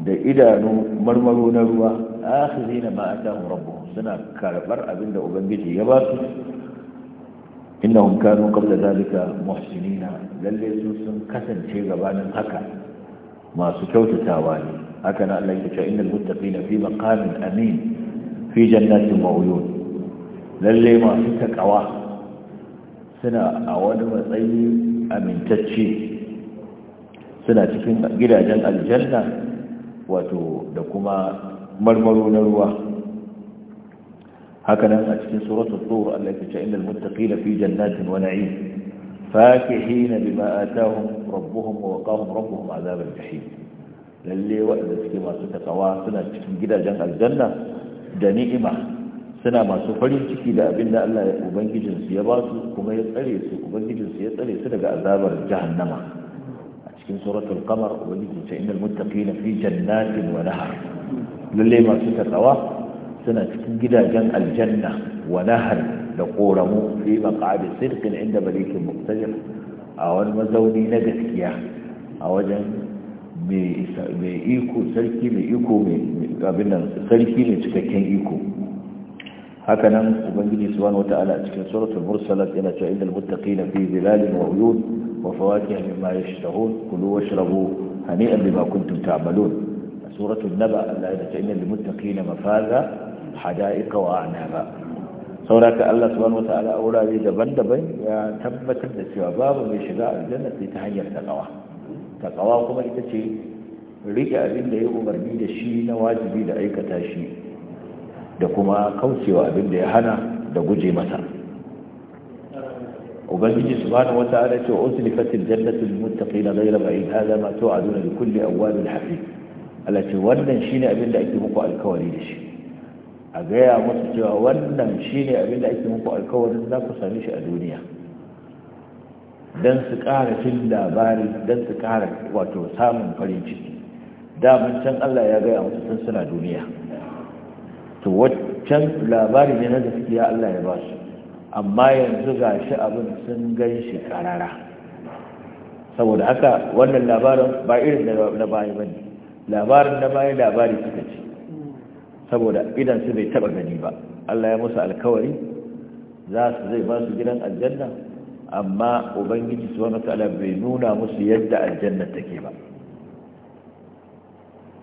da idanu marmaro na ruwa akhizina ma atahum rabbuhum suna karbar abinda ubangiji ya ba su innahum kanu qabla zalika muhsinina lalle su sun kasance gabanin haka masu kyautatawa ne haka na Allah yake cewa innal fi makamin amin fi jannatin wa lalle masu takawa suna a wani matsayi amintacce suna cikin gidajen aljanna wato da kuma marmaro na ruwa haka a cikin suratul tur Allah ya ce innal muttaqina fi jannatin wa na'im fakihin bima atahum rabbuhum wa waqahum rabbuhum azab al-jahim lalle waɗanda suke masu takawa suna cikin gidajen aljanna da ni'ima suna masu farin ciki da abin da Allah ya ubangijinsu ya ba su kuma ya tsare su ubangijinsu ya tsare su daga azabar jahannama a cikin suratul qamar ubangiji ce innal muttaqina fi jannatin wa nahar lalle masu takawa suna cikin gidajen aljanna wa nahar da koramu fi maqadi sidqin inda malikin muqtadir a wani mazauni na gaskiya a wajen mai iko sarki mai iko mai sarki mai cikakken iko haka nan ubangiji wani wataala a cikin suratul mursalat yana cewa innal da fi zilalin wa uyun wa fawakiha mimma yashtahun kulu washrabu hani'an bima kuntum ta'malun suratul naba Allah ya ce innal muttaqina mafaza hada'ika wa anaba sauraka Allah subhanahu wataala a wurare daban-daban ya tabbatar da cewa babu mai shiga aljanna sai ta hanyar takawa takawa kuma ita ce rike abin ya yi umarni da shi na wajibi da aikata shi da kuma kaucewa abin da ya hana da guje masa ubangiji subhanahu wataala ce uslifatil jannatu lil muttaqina ghayra ba'id hadha ma tu'aduna li kulli awwalin hafiz Allah wannan shine abin da ake muku alkawari da shi a gaya musu cewa wannan shine abin da ake muku alkawarin za ku same shi a duniya don su ƙara cin labari don su ƙara wato samun farin ciki daman can Allah ya gaya musu sun suna duniya to waccan labari ne na gaskiya Allah ya ba su amma yanzu ga shi abin sun gan shi ƙarara saboda haka wannan labarin ba irin na baya ba ne labarin da bayan labari suka ce saboda idan su bai taba gani ba Allah ya musu alkawari za su zai ba su gidan aljanna amma ubangiji su wani ta'ala bai nuna musu yadda aljanna take ba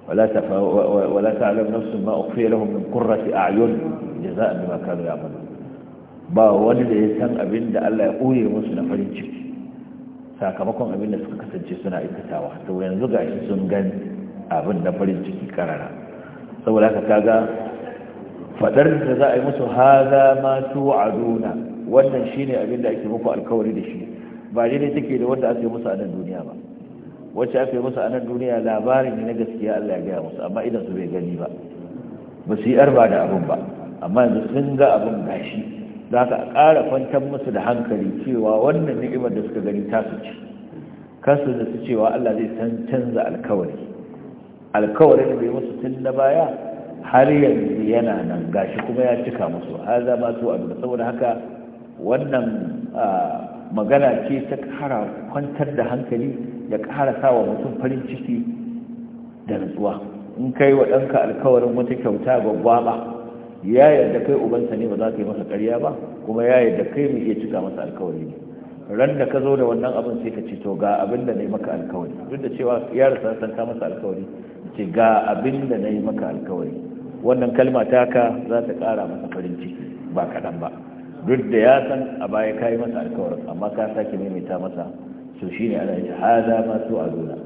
wala ta ta'alam nafsu ma ofe lahun min za a jaza'an bima ya ya'malun ba wani da ya san abin da Allah ya ɓoye musu na farin ciki sakamakon abin da suka kasance suna ikatawa to yanzu gashi sun gani abin na farin ciki karara saboda haka kaga fadar da za a yi musu haza ma aduna. wannan shine abin da ake muku alkawari da shi ba dai take da wanda aka yi musu a nan duniya ba wacce aka musu a nan duniya labarin ne na gaskiya Allah ya gaya musu amma idan su bai gani ba ba su yi arba da abin ba amma yanzu sun ga abin gashi za ka ƙara kwantar musu da hankali cewa wannan ni'imar da suka gani ta ce kasu da su cewa Allah zai canza alkawari alkawarin bai musu tun na baya har yanzu yana nan gashi kuma ya cika musu har za ma su abu saboda haka wannan magana ce ta kara kwantar da hankali da kara sa mutum farin ciki da nutsuwa in kai wa ɗanka alkawarin wata kyauta ba. ya yarda kai ubansa ne ba za ka yi masa ƙarya ba kuma ya yarda kai mu iya cika masa alkawari ne ran da ka zo da wannan abin sai ka ce to ga abin da ne maka alkawari duk da cewa ya rasa san ka masa alkawari ce ga abin da na yi maka alkawari wannan kalma taka za ta ƙara masa farin ciki ba kaɗan ba duk da ya san a baya ka yi masa alkawarin amma ka sake maimaita masa to shi ne ana yi haza ma su a zuna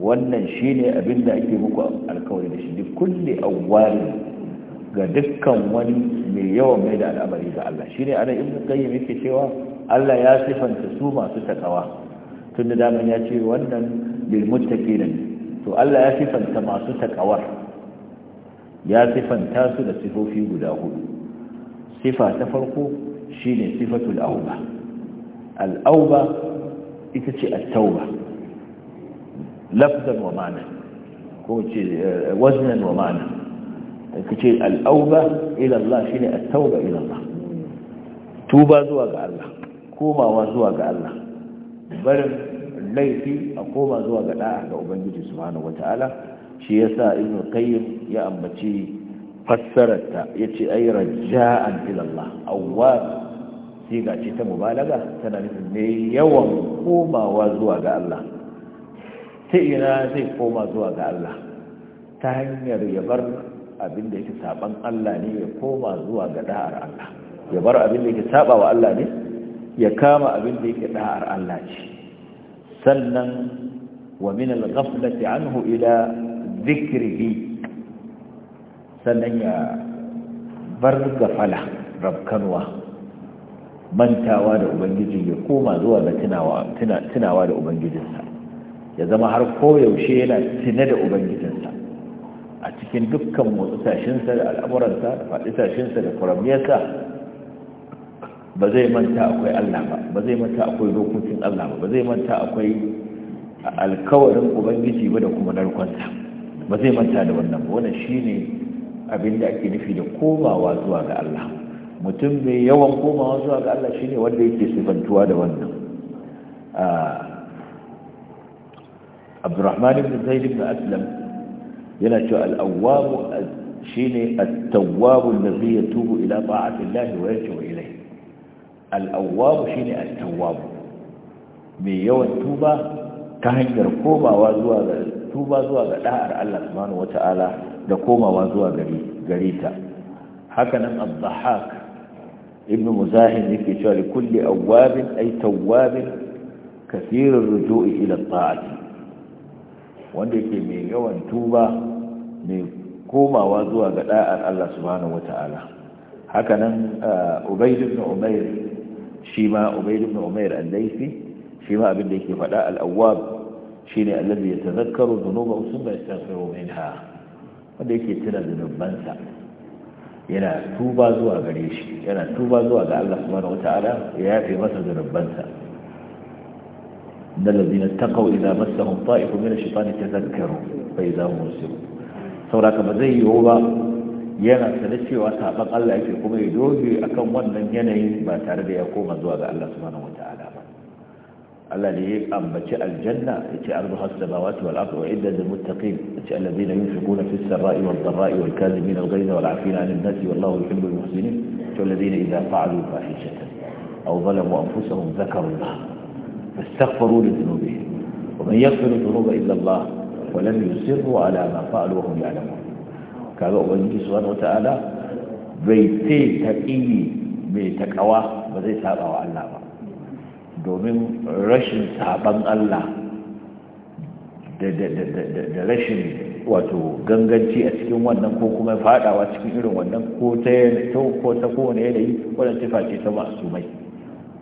wannan shi ne abin da ake muku alkawari da shi duk kulle awwali ga dukkan wani mai yawan mai da al'amari ga Allah shi ne ana ibn qayyim yake cewa Allah ya sifanta su masu takawa tunda daman ya ce wannan lil muttaqina to Allah ya sifanta masu takawar ya sifanta su da sifofi guda hudu sifa ta farko shine sifatul auba al'auba ita ce at-tauba lafzan wa ma'ana ko ce eh, waznan wa ma'ana kace al'auba ila Allah shine at-tauba ila Allah tuba zuwa ga Allah komawa zuwa ga Allah barin laifi a koma zuwa ga da'a ga ubangiji subhanahu wata'ala shi yasa ibn qayyim ya ambaci fassararta yace ai raja'an ila Allah sai siga ce ta mubalaga tana nufin ne yawan komawa zuwa ga Allah ta ina zai koma zuwa ga Allah ta hanyar ya bar abin da yake saban Allah ne ya koma zuwa ga da'ar Allah ya bar abin da yake saba wa Allah ne ya kama abin da yake da'ar Allah ce sannan wa min al-ghaflati anhu ila dhikrihi sannan ya bar gafala rabkanwa mantawa da ubangiji ya koma zuwa ga tunawa da ubangijinsa ya zama har koyaushe yana tuna da ubangijinsa a cikin dukkan motsi tashinsa da al'amuransa da faɗi tashinsa da kuramiyarsa ba zai manta akwai Allah ba ba zai manta akwai dokokin Allah ba ba zai manta akwai alkawarin ubangiji ba da kuma narkonsa ba zai manta da wannan ba wannan shine abin da ake nufi da komawa zuwa ga Allah mutum mai yawan komawa zuwa ga Allah shine wanda yake sifantuwa da wannan Abdurrahman ibn Zaid ibn Aslam yana cewa al-awwab shine at-tawwab alladhi yatubu ila ta'ati Allah wa yarji'u ilayhi al'awwabu shi ne al'awwabu mai yawan tuba ta hanyar komawa zuwa ga tuba zuwa ga ɗa'ar Allah subhanahu wa ta'ala da komawa zuwa gare ta Haka nan Abba abdahak ibn muzahim yake cewa li awwabin ay tawwabin kasirin ruju'i ila ta'ati wanda yake mai yawan tuba mai komawa zuwa ga ɗa'ar Allah subhanahu wata'ala hakanan uh, ubayd ibn umayr shi ma ubayd ibn umayr al-laythi shi ma abin da yake faɗa al-awwab shine allazi yatazakkaru dhunubahu thumma yastaghfiru minha wanda yake tuna zunubansa yana tuba zuwa gare shi yana tuba zuwa ga Allah subhanahu wataala ya yafe masa zunubansa الذين اتقوا إذا مسهم طائف من الشيطان تذكروا فإذا هم مسلمون sauraka ba zai yiwu ba yana sanar cewa saban Allah yake kuma ya doge kan wannan yanayin ba tare da ya koma zuwa ga Allah subhanahu wata'ala ba Allah da ya ambaci aljanna ya ce arzu hasamawati wal ardu wa idda lil muttaqin ya ce alladhina yunfiquna fis sarai wal dharai wal kadhibina al ghayza wal afina 'anil nasi wallahu yuhibbul muhsinin to alladhina idha fa'alu fahishatan aw zalamu anfusahum dhakaru Allah fastaghfiru li dhunubihim wa man yaghfiru dhunuba illa Allah ولم يصروا على ما فعلوا وهم يعلمون kaga ubangiji wata ala, bai ce taqiyi mai takawa ba zai saba wa Allah ba domin rashin saban Allah da rashin wato ganganci a cikin wannan ko kuma fadawa cikin irin wannan ko ta kowane yanayi wadanda ta ce ta masu mai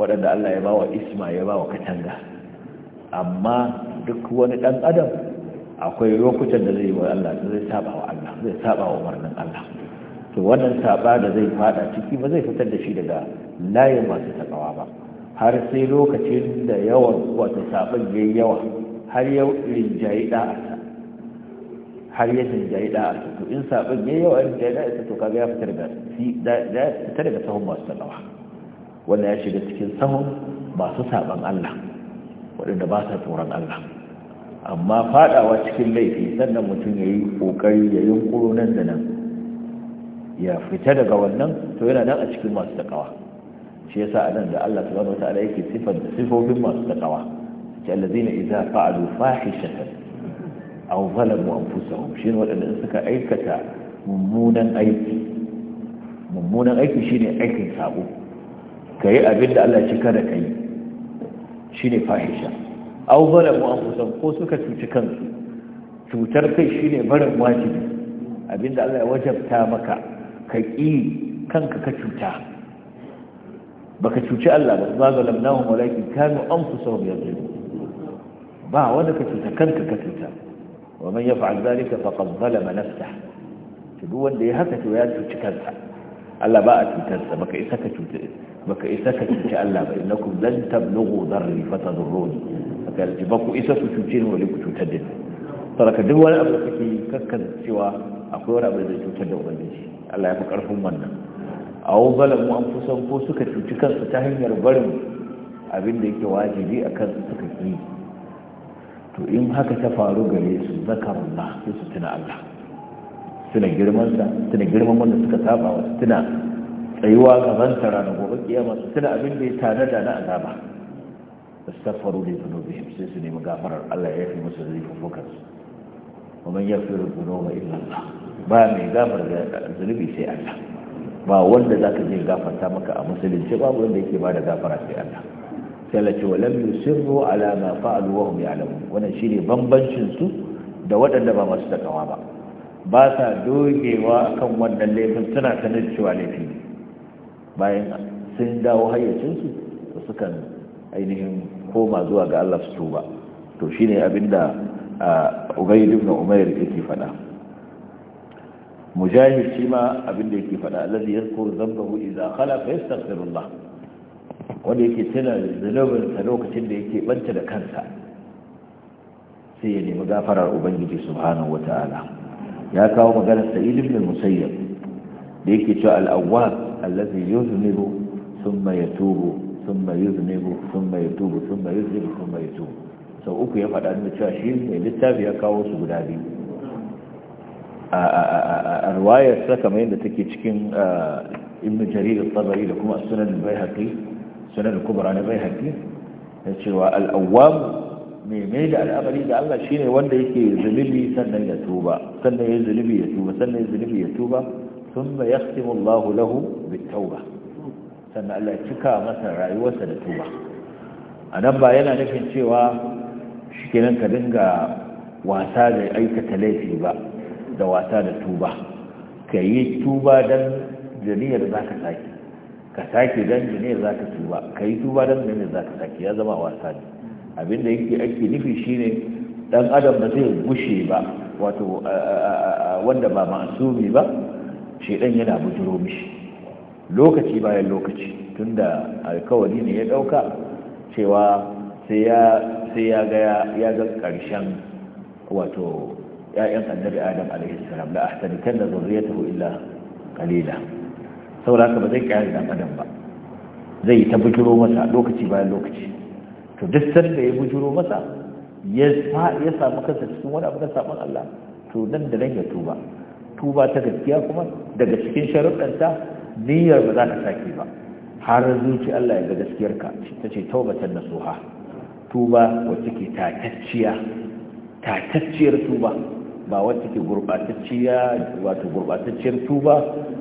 waɗanda Allah ya bawa isma ya bawa katanga amma duk wani ɗan adam akwai lokutan da zai wa Allah zai saba wa Allah zai saba wa umarnin Allah to wannan saba da zai fada ciki ba zai fitar da shi daga layin masu takawa ba har sai lokacin da yawan wata saban yayi yawa har ya rinjayi da'arsa har ya rinjayi da'arsa to in saban yayi yawa rinjayi da'arsa to kaga ya fitar da da fitar daga sahun masu takawa wanda ya shiga cikin sahun masu saban Allah waɗanda ba sa tsoron Allah amma fadawa cikin laifi sannan mutum ya yi kokari ya yunkuro nan da nan ya fita daga wannan to yana nan a cikin masu takawa shi yasa a nan da Allah subhanahu wataala yake sifar da sifofin masu takawa ce allazina idza fa'alu fahishatan aw zalamu anfusahum shine wadanda suka aikata mummunan aiki mummunan aiki shine aikin sabo kai abin da Allah ya ce kada kai shine fahisha au mu anfusahum ko suka cuci kansu cutar kai shi ne barin wajibi abinda Allah ya wajabta maka ka ƙi kanka ka cuta baka cuci Allah ba ba zalamnahum walakin kanu anfusahum yazlimun ba wanda ka cuta kanka ka cuta wa man yaf'al dhalika faqad zalama nafsah to duk wanda ya haka to ya cuci kansa Allah ba a cutarsa baka isa ka cuta baka isa ka cuci Allah ba innakum lan tablughu dharri fatadurruni garji ba ku isa su cuce ne wani ku cutar da ni saraka duk wani abu da kake kakkan cewa akwai wani abu da zai cutar da shi Allah ya fi karfin wannan mu an anfusahum ko suka cuci kansu ta hanyar barin abin da yake wajibi a kansu suka yi to in haka ta faru gare su zakarullah sai su tuna Allah suna girman sa tuna girman wanda suka saba wa suna tsayuwa gaban sa ranar gobe kiyama su abin da ya tanada na azaba fastaghfaru li dhunubihim sai su nemi gafarar Allah ya yafi musu zunubukan su wa man yaghfiru ba mai gafar da zunubi sai Allah ba wanda zaka je gafarta maka a musulunci babu wanda yake bada gafara sai Allah sai la ce wa lam yusirru ala ma fa'alu wa hum ya'lamun wannan shine bambancin su da waɗanda ba masu takawa ba ba sa dogewa kan wannan laifin suna sanar cewa laifi ne bayan sun dawo hayyacinsu su sukan ainihin koma zuwa ga Allah su tuba to shine abinda Ubayd ibn Umayr yake fada mujahid shi ma abinda yake fada allazi yadhkuru dhanbahu idza khala fa yastaghfirullah wanda yake tana zunubin sa lokacin da yake banta da kansa sai ya nemi gafarar ubangiji subhanahu wataala ya kawo maganar sa'id ibn musayyab da yake cewa al-awwab allazi yuznibu thumma yatubu thumma yuznibu thumma yatubu thumma yuznibu thumma yatubu sau uku ya faɗa da cewa shi mai littafi ya kawo su guda biyu a ruwayar sa kamar yadda take cikin ibn jarir al-tabari da kuma sunan al-baihaqi sunan al-kubra na baihaqi ya cewa al-awwam mai mai da al'amari da Allah shine wanda yake zulubi sannan ya tuba sannan ya zulubi ya tuba sannan ya zulubi ya tuba ثم يختم الله له بالتوبه sannan Allah ya cika masa rayuwarsa da tuba a nan ba yana nufin cewa shi nan ka dinga wasa da aikata laifi ba da wasa da tuba ka yi tuba don janiyar za ka sake ka sake don janiyar za ka tuba ka yi tuba don janiyar za ka sake ya zama wasa ne abinda yake ake nufi ne dan adam ba zai gushe ba wato wanda ba masumi ba shi dan yana bujuro mishi lokaci bayan lokaci tunda alkawari ne ya dauka cewa sai ya ga ya ga karshen wato ya'yan annabi adam alaihi salam la ahtadikan da zurriyatahu illa qalila saboda haka ba zai kiyaye dan adam ba zai ta bujuro masa lokaci bayan lokaci to duk sanda ya bujuro masa ya samu kansa cikin wani abu na saban Allah to nan da nan ya tuba tuba ta gaskiya kuma daga cikin sharuɗanta niyyar ba za ta sake ba har zuci Allah ya ga gaskiyarka ta ce taubatan nasuha tuba wacce ke tatacciya tatacciyar tuba ba wacce ke gurbatacciya wato gurbatacciyar tuba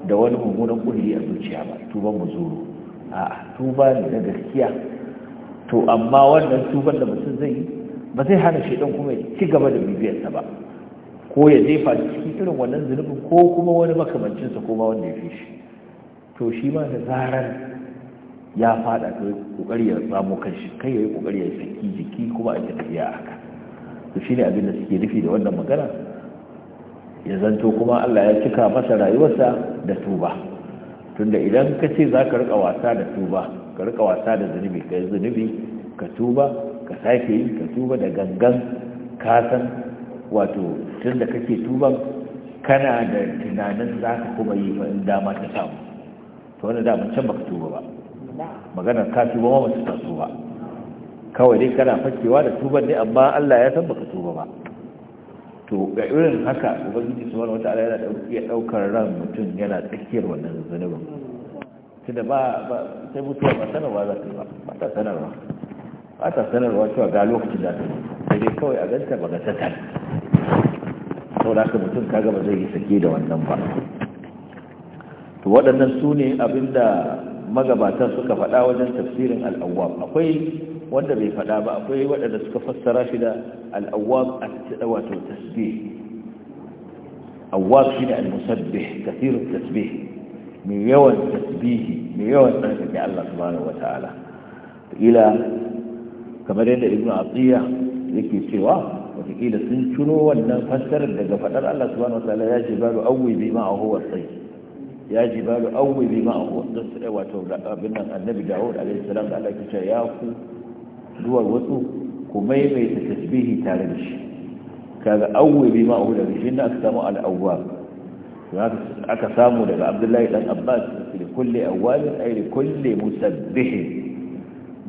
da wani mummunan kulli a zuciya ba tuban muzuru a tuba ne na gaskiya to amma wannan tuban da mutum zai yi ba zai hana shaidan kuma ya ci gaba da bibiyarsa ba ko ya jefa cikin irin wannan zunubin ko kuma wani makamancinsa ko ma wanda ya fi shi to shi ma da zarar ya fada to kokari ya samu kanshi kai ya yi kokari ya saki jiki kuma a ya haka to shi ne abin da suke nufi da wannan magana ya zanto kuma Allah ya cika masa rayuwarsa da tuba tunda idan ka ce za ka rika wasa da tuba ka rika wasa da zunubi ka yi zunubi ka tuba ka sake yi ka tuba da gangan kasan. wato tun da kake tuban kana da tunanin za ka kuma yi in dama ta samu to wani daman can baka tuba ba maganar ka tuba ma masu taso ba kawai dai kana fakewa da tuban ne amma Allah ya san baka tuba ba to ga irin haka ubangiji wata wataala yana iya daukar ran mutum yana tsakiyar wannan zanubin tunda ba ba sai mutuwa ba sanarwa za ta ba ba ta sanarwa ba ta sanarwa cewa ga lokacin da ta sai dai kawai a ganta ba ga ta saboda haka mutum kaga ba zai yi sake da wannan ba to waɗannan su ne abinda magabatan suka faɗa wajen tafsirin al'awwab akwai wanda bai faɗa ba akwai waɗanda suka fassara shi da al'awwab wato tasbih awwab shine al-musabbih kathirut tasbih mai yawan tasbihi mai yawan tsarkake Allah subhanahu wataala ila kamar yadda ibnu atiya yake cewa wataƙila sun ciro wannan fassarar daga faɗar Allah subhanahu wa ta'ala ya ji balu awwi bi ma huwa sai ya ji balu awwi bi ma huwa sai eh, wato abin nan annabi Dawud alaihi salam da Allah ya ce ya ku duwar wasu ku maimaita tasbihi tare da shi kaga awwi bi ma huwa da shi ne aka samu al-awwab aka samu daga Abdullahi dan Abbas li kulli awwabin ay li kulli musabbih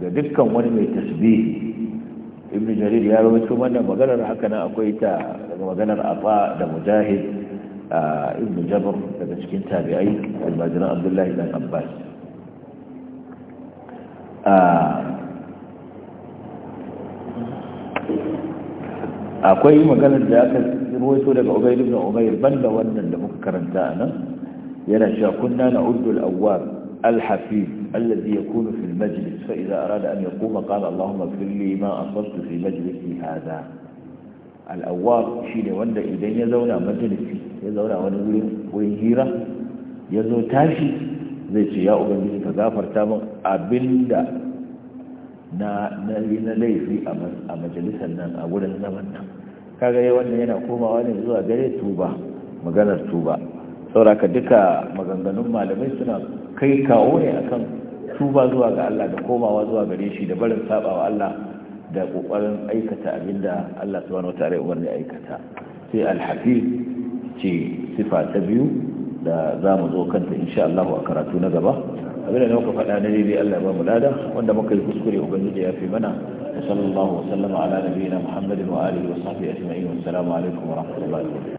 ga dukkan wani mai tasbihi ibn jarir ya rawaito mana maganar haka nan akwai ta daga maganar afa da mujahid ibn jabr daga cikin tabi'ai almajiran abdullahi dan abbas akwai maganar da aka rawaito daga ubayd ibn umayr banda wannan da muka karanta nan yana cewa kunna na uddul awwab الحفيظ الذي يكون في المجلس فإذا أراد أن يقوم قال اللهم اغفر لي ما أصبت في مجلسي هذا الأواب شيء وندا إذن يزونا مجلسي يزونا ونقول ويهيرة يزو تاشي zai ce ya ubangiji ka gafarta min abinda na na na laifi a majalisar nan a wurin zaman nan kaga yayin wannan yana komawa ne zuwa gare tuba maganar tuba sauraka duka maganganun malamai suna kai kawo ne a kan tuba zuwa ga Allah da komawa zuwa gare shi da barin sabawa Allah da kokarin aikata abinda Allah subhanahu wataala ya umarni aikata sai al-hafiz ce sifa ta biyu da za mu zo kanta insha Allah a karatu na gaba abinda da muka faɗa na daidai Allah ya ba mu lada wanda muka yi kuskure ubangiji ya fi mana wa sallallahu wa sallama ala nabiyina Muhammadin wa alihi wa sahbihi ajma'in wa assalamu alaikum wa rahmatullahi